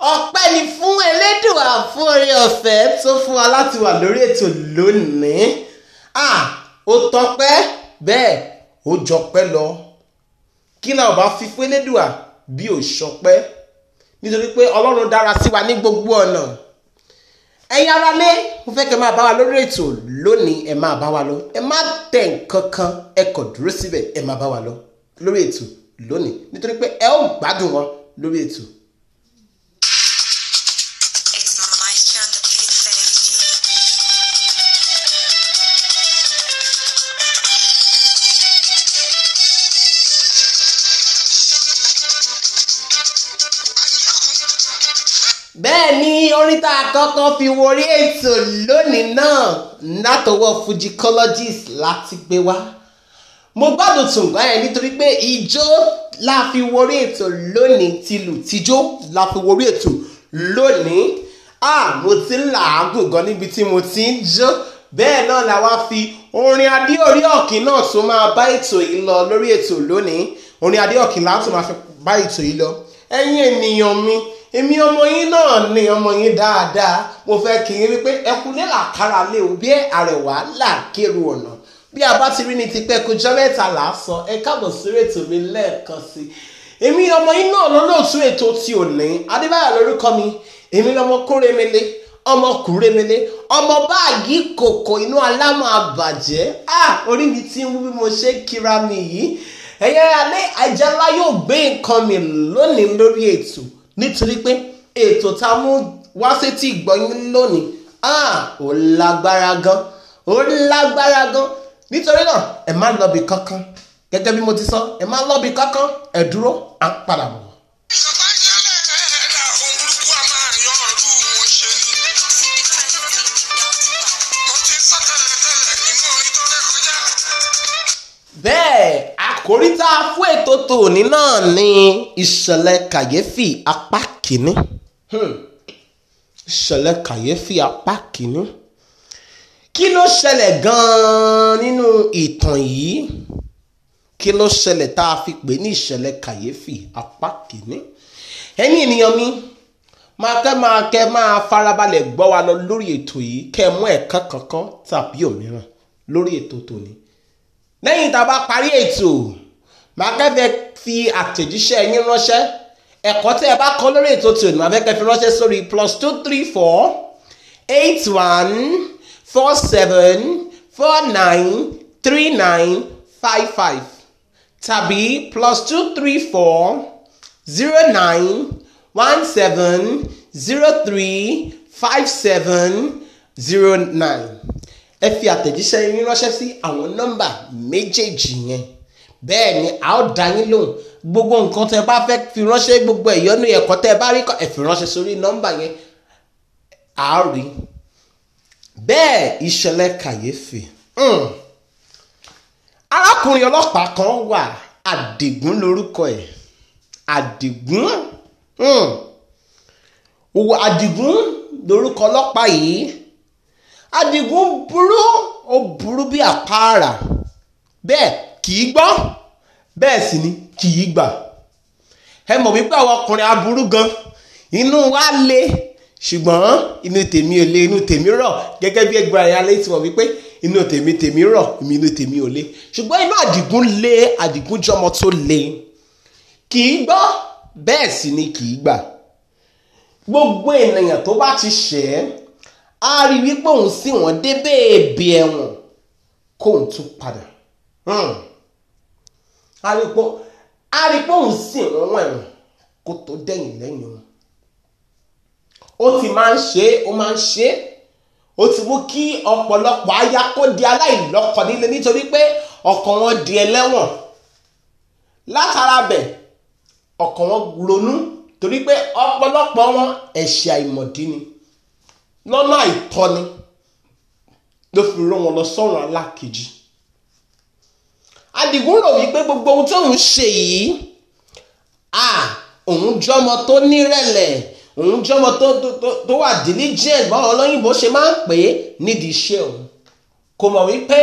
ọpẹ́ ni fún Elédùà fún oore ọ̀fẹ́ tó fún wa láti wà lórí ètò lónìí ah ó tọpẹ́ bẹ́ẹ̀ ó jọpẹ́ lọ kí la ò bá fi fún Elédùà bí ò ṣọpẹ́ nítorí pé Ọlọ́run dára sí wa ní gbogbo ọ̀nà ẹ̀yin ara lé mo fẹ́ kẹ́ máa bá wa lórí ètò lónìí ẹ máa bá wa lọ ẹ má tẹ̀ nǹkan kan ẹ kọ̀ dúró síbẹ̀ ẹ máa bá wa lọ lórí ètò lónìí nítorí pé ẹ ó gbádùn wọn lórí ètò yaşandıkları diferente. bẹ́ẹ̀ ni orin tá a kọ́kọ́ fi wọrí ètò lónìí náà látọwọ́ fujicologist láti gbé wá mo gbádùn tùǹgbà yẹn nítorí pé ìjó la fi wọrí ètò lónìí tìlù tìjó la fi wọrí ètò lónìí ah mo ti ń làágùn gan níbi tí mo ti ń jó bẹ́ẹ̀ náà la wá fi orin adé orí ọ̀kìn náà tún máa bá ètò yìí lọ lórí ètò lónìí orin adé ọ̀kìn la máa fi bá ètò yìí lọ ẹ̀yin ènìyàn mi èmi ọmọ yín náà ni ọmọ yín dáadáa mo fẹ́ kí n wípé ẹkúnlé làkàrà lé o bí àrẹwà là kéru ọ̀nà bí a bá ti rí ni ti pẹ́ kọjọ́ mẹ́ta là á sọ ẹ káàbọ̀ sórí ètò mi lẹ́ẹ̀kan sí i èmi ọmọ yín náà lọ́lọ́ọ̀tún ètò ti òní adébáyà lórúkọ mi èmi lọmọ kóremele ọmọ kúremele ọmọ báàgì kòkò inú alámọ̀ àbàjẹ́ ah orí mi ti ń wú bí mo ṣe kíra mi yìí ẹ̀yẹ́ alẹ́ àjálá yóò gbé nǹkan mi lónìí lórí ètò nítorí pé ètò tá a mú wá sétí ìgbọ́yìn lónìí ah ó lágbára gan ó lágbára gan nítorí náà ẹ má lọ bí kankan gẹ́gẹ́ bí mo ti sọ ẹ má lọ bí kankan ẹ dúró à ń padà bọ̀. àkòrí tá a fún ètò tòní náà ni ìṣẹ̀lẹ̀ kàyéfì apá kìíní hmm. ìṣẹ̀lẹ̀ kàyéfì apá kìíní kí ló ṣẹlẹ̀ gan-an nínú ìtàn yìí kí ló ṣẹlẹ̀ tá a fi pè ní ìṣẹ̀lẹ̀ kàyéfì apá kìíní ẹ̀yin ènìyàn mi máa kẹ́ máa kẹ́ máa farabalẹ̀ gbọ́ wa lọ lórí ètò yìí kẹ́ ẹ mú ẹ̀ka kankan tàbí òmíràn lórí ètò tòní lẹ́yìn tá a bá parí ètò màá fi àtẹ̀jíṣẹ́ yín ránṣẹ́ ẹ̀kọ́ tẹ́ ẹ bá kọ́ lórí ètò tòun màá fẹ́ kẹ́fẹ́ ránṣẹ́ sórí plus two three four eight one four seven four nine three nine five five tàbí plus two three four zero nine one seven zero three five seven zero nine ẹ fi àtẹ̀jíṣẹ́ yín ránṣẹ́ sí àwọn nọ́mbà méjèèjì yẹn bẹ́ẹ̀ ni a ó dá yín lóhùn gbogbo nǹkan tẹ bá fẹ́ fi ránṣẹ́ gbogbo ìyọnu ẹ̀kọ́ tẹ bá rí ẹ fi ránṣẹ́ sórí nọ́mbà yẹn a ó rí bẹ́ẹ̀ ìṣẹ̀lẹ̀ kàyéfì hmm. arákùnrin ọlọ́pàá kan wà àdìgún lórúkọ ẹ̀ àdìgún hmm. àdìgún lórúkọ ọlọ́pàá yìí Adigun burú ó burú bí àpáàrà bẹ́ẹ̀ kì í gbọ́ bẹ́ẹ̀ sì ni kì í gbà ẹ mọ̀ wípé àwọn ọkùnrin aburú gan inú wa le ṣùgbọ́n inú tèmi ò le inú tèmi rọ̀ gẹ́gẹ́ bí ẹgbẹ́ ayé alẹ́ ti mọ̀ wípé inú tèmi tèmi rọ̀ mi inú tèmi ò le ṣùgbọ́n inú Àdìgún le Àdìgún jọmọ tó le kì gbọ́ bẹ́ẹ̀ sì ni kì gbà gbogbo ènìyàn tó bá ti ṣẹ̀ á rí wípé òun sì wọ́n dé bèbè ẹ̀wọ̀n kóun tún padà á hmm. rí pé á rí pé òun sì wọ́n wọ̀n ẹ̀wọ̀n kó tó dẹ̀yìn lẹ́yìn wọn ó ti máa ń ṣe é ó máa ń ṣe é ó ti mú kí ọ̀pọ̀lọpọ̀ aya kó di aláìlọ́kọ nílé nítorí pé ọkàn wọn di ẹlẹ́wọ̀n látara bẹ̀ ọkàn wọn ronú torí pé ọ̀pọ̀lọpọ̀ wọn ẹ̀ṣẹ̀ àìmọ̀dí ni lọ́nà àìtọ́ni ló fi rán wọn lọ sọ́run alákejì Àdìgún rò wípé gbogbo ohun tóun ṣe yìí à òun jọmọ tó nírẹ̀lẹ̀ òun jọmọ tó tó wà diligent báwọn olóyìnbó ṣe máa ń pè é nídìí iṣẹ́ òun kò mọ̀ wípé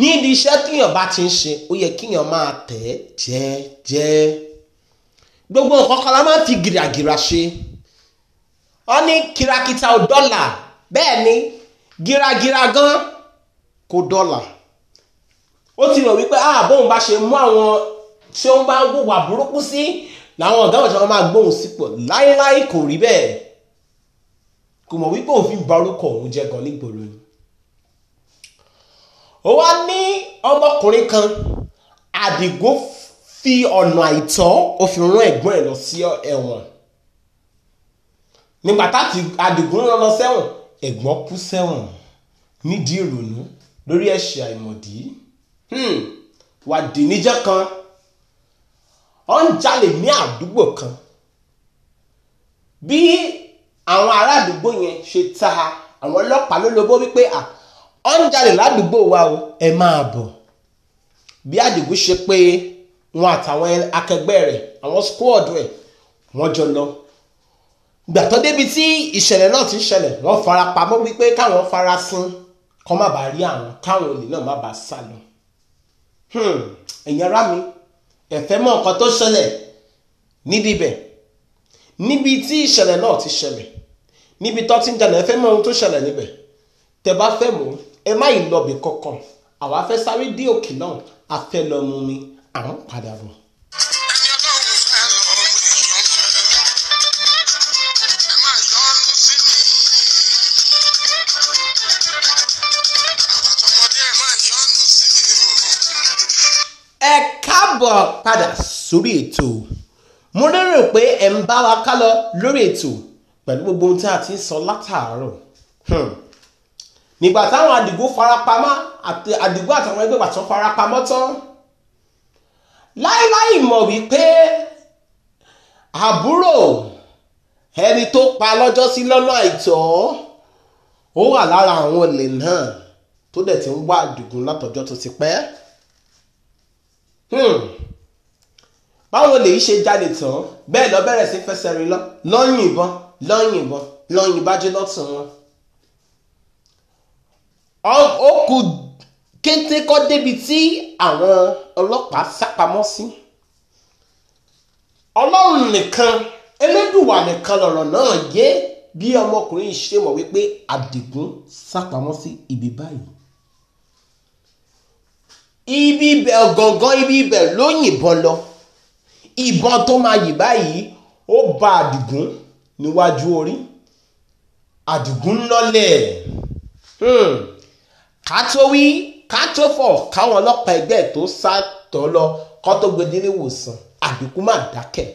nídìí iṣẹ́ tíyàn bá ti ń ṣe ó yẹ kíyàn máa tẹ̀ jẹ́jẹ́ gbogbo nǹkan kan la máa fi gìràgìrà ṣe ó ní kìràkìtà ò dọ́là bẹ́ẹ̀ ni gírágírá gan kò dọ́là ó ti rò wípé ah bóun bá ṣe mú àwọn tí ó ń bá wùwà burúkú sí làwọn ọ̀gá ọ̀jọ̀ máa gbóhùn sípò láéláé kò rí bẹ́ẹ̀ kò mọ̀ wípé òfin ba òun jẹ́ gan nígboro ni ó wá ní ọmọkùnrin kan àdìgún fi ọ̀nà àìtọ́ ó fi rán ẹ̀gbọ́n ẹ̀ lọ sí ẹ̀wọ̀n ní pàtàkì Àdìgún lọ lọ sẹ́wọ̀n ẹ̀gbọ́n kú sẹ́wọ̀n nídìí ìrònú lórí ẹ̀ṣẹ̀ àìmọ̀dí hmm, wà dì níjọ́ kan ó ń jalè ní àdúgbò kan bí àwọn ará àdúgbò yẹn ṣe ta àwọn ọlọ́pàá lólobó wípé à ó ń jalè ládùúgbò wa o ẹ máa bọ̀ bí Àdìgún ṣe pé wọn àtàwọn akẹgbẹ́ rẹ̀ àwọn squad rẹ̀ wọ́n jọ lọ gbà tó débi tí ìṣẹ̀lẹ̀ náà ti ṣẹlẹ̀ wọ́n fara pamọ́ wípé káwọn fara sin kọ́ má bàa rí àwọn káwọn olè náà má bàa sá lọ. Hmm, ẹ̀yin ará mi ẹ̀fẹ́ mọ̀ nǹkan tó ṣẹlẹ̀ nídìbẹ̀ níbi tí ìṣẹ̀lẹ̀ náà ti ṣẹlẹ̀ níbi tó ti ń jalè ẹ̀fẹ́ mọ̀ ohun tó ṣẹlẹ̀ níbẹ̀ tẹ́ bá fẹ́ mọ̀ ẹ má ì lọ bì kankan àwa fẹ́ sáré dé òkè náà a lọ mú mi à ń padà bọ̀. ẹ káàbọ̀ padà sórí ètò mo lérò pé ẹ ń bá wa ká lọ lórí ètò pẹ̀lú gbogbo ohun tí a ti ń sọ látàárọ̀ hmm. nígbà táwọn àdìgún farapamọ́ àti àdìgún àtàwọn ẹgbẹ́ bàtàn farapamọ́ tán láíláì mọ̀ wípé àbúrò ẹni tó pa lọ́jọ́sí lọ́nà àìtọ́ ó wà lára àwọn olè náà tó dẹ̀ ti ń wá àdìgún látọjọ́ tó ti pẹ́ hmm. báwọn olè yìí ṣe jalè tán bẹ́ẹ̀ lọ bẹ̀rẹ̀ sí fẹsẹ̀ rìn lọ lọ́yìn ìbọn lọ́yìn ìbọn lọ́yìn bá jẹ́ lọ́tún wọn ó kù kété kọ́ débi tí àwọn ọlọ́pàá sápamọ́ sí ọlọ́run nìkan elédùwà nìkan lọ̀rọ̀ náà yé bí ọmọkùnrin yìí ṣe mọ̀ wípé àdìgún sápamọ́ sí ibi báyìí ibi ibẹ̀ gangan ibi ibẹ̀ ló yìnbọn lọ ìbọn tó máa yìn báyìí ó ba àdìgún níwájú orí àdìgún lọ́lẹ̀ hmm. ká tó wí ká tó fọ̀ káwọn ọlọ́pàá ẹgbẹ́ tó sá tọ́ lọ kó tó gbé délé ìwòsàn àdìgún máa dákẹ́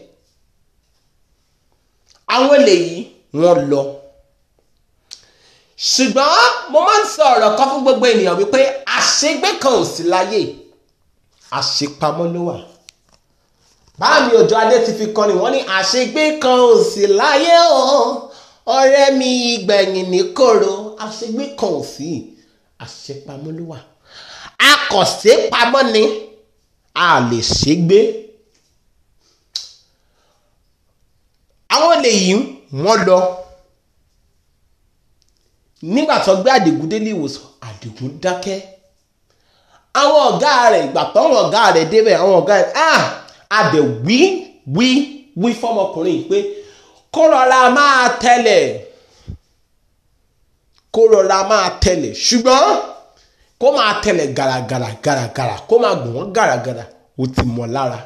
àwọn eléyìí wọ́n lọ. ṣùgbọ́n mo máa ń sọ ọ̀rọ̀ kan fún gbogbo ènìyàn wípé àṣegbé kan ò sí láyé àṣepamọ́ ló wà. báàmì òjò adé ti fi kọni wọ́n ní àṣegbé kan ò sí láyé o ọ̀rẹ́ mi ìgbẹ̀yìn ní kòrò àṣegbé kan ò sí àṣepamọ́ ló wà. akọ̀ṣepamọ́ ni a lè ṣègbé. àwọn olè yìí wọ́n lọ nígbà tó gbé àdìgún délé ìwòsàn àdìgún dákẹ́ àwọn ọ̀gá rẹ̀ ìgbà tọ́wọ́n ọ̀gá rẹ̀ débẹ̀ àwọn ọ̀gá rẹ̀ ah adẹ̀ wí wí wí fọmọkùnrin pé kó rọra máa tẹ̀lẹ̀ kó rọra máa tẹ̀lẹ̀ ṣùgbọ́n kó máa tẹ̀lẹ̀ gàràgàrà gàràgàrà kó máa gùn wọ́n gàràgàrà ó ti mọ̀ lára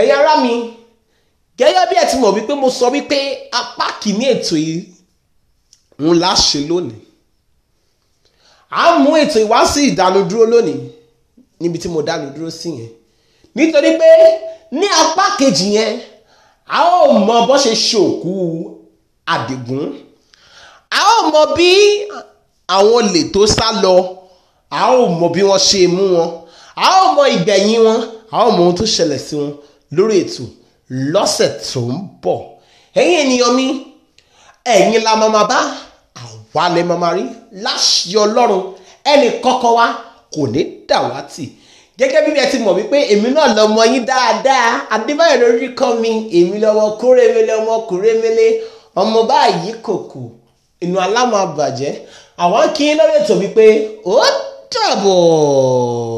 ẹ̀yin ará mi gẹ́gẹ́ bí ẹ ti mọ̀ wípé mo sọ wípé apá kìíní ètò yìí ń láṣẹ lónìí a mú ètò ìwá sí ìdánudúró lónìí níbi tí mo dánu dúró sí yẹn nítorí pé ní apá kejì yẹn a ó mọ bó ṣe ṣòkú àdìgún a ó mọ bí àwọn olè tó sá lọ a ó mọ bí wọ́n ṣe mú wọn a ó mọ ìgbẹ̀yìn wọn a ó mọ ohun tó ṣẹlẹ̀ sí wọn lórí ètò lọ́sẹ̀ tó ń bọ̀ ẹ̀yin ènìyàn mi ẹ̀yin la máa bá àwa lè máa rí láṣẹ ọlọ́run ẹnì kọ́kọ́ wa kò ní dàwátì gẹ́gẹ́ bí ẹ ti mọ̀ wípé èmi náà lọ́mọ yín dáadáa adébáyọ̀ lórí kọ́ mi èmi lọ́mọ kóremele ọmọ kóremele ọmọ báyìí kòkò inú alámọ̀ àbàjẹ́ àwọn kí n lórí ètò wípé ó dàbọ̀.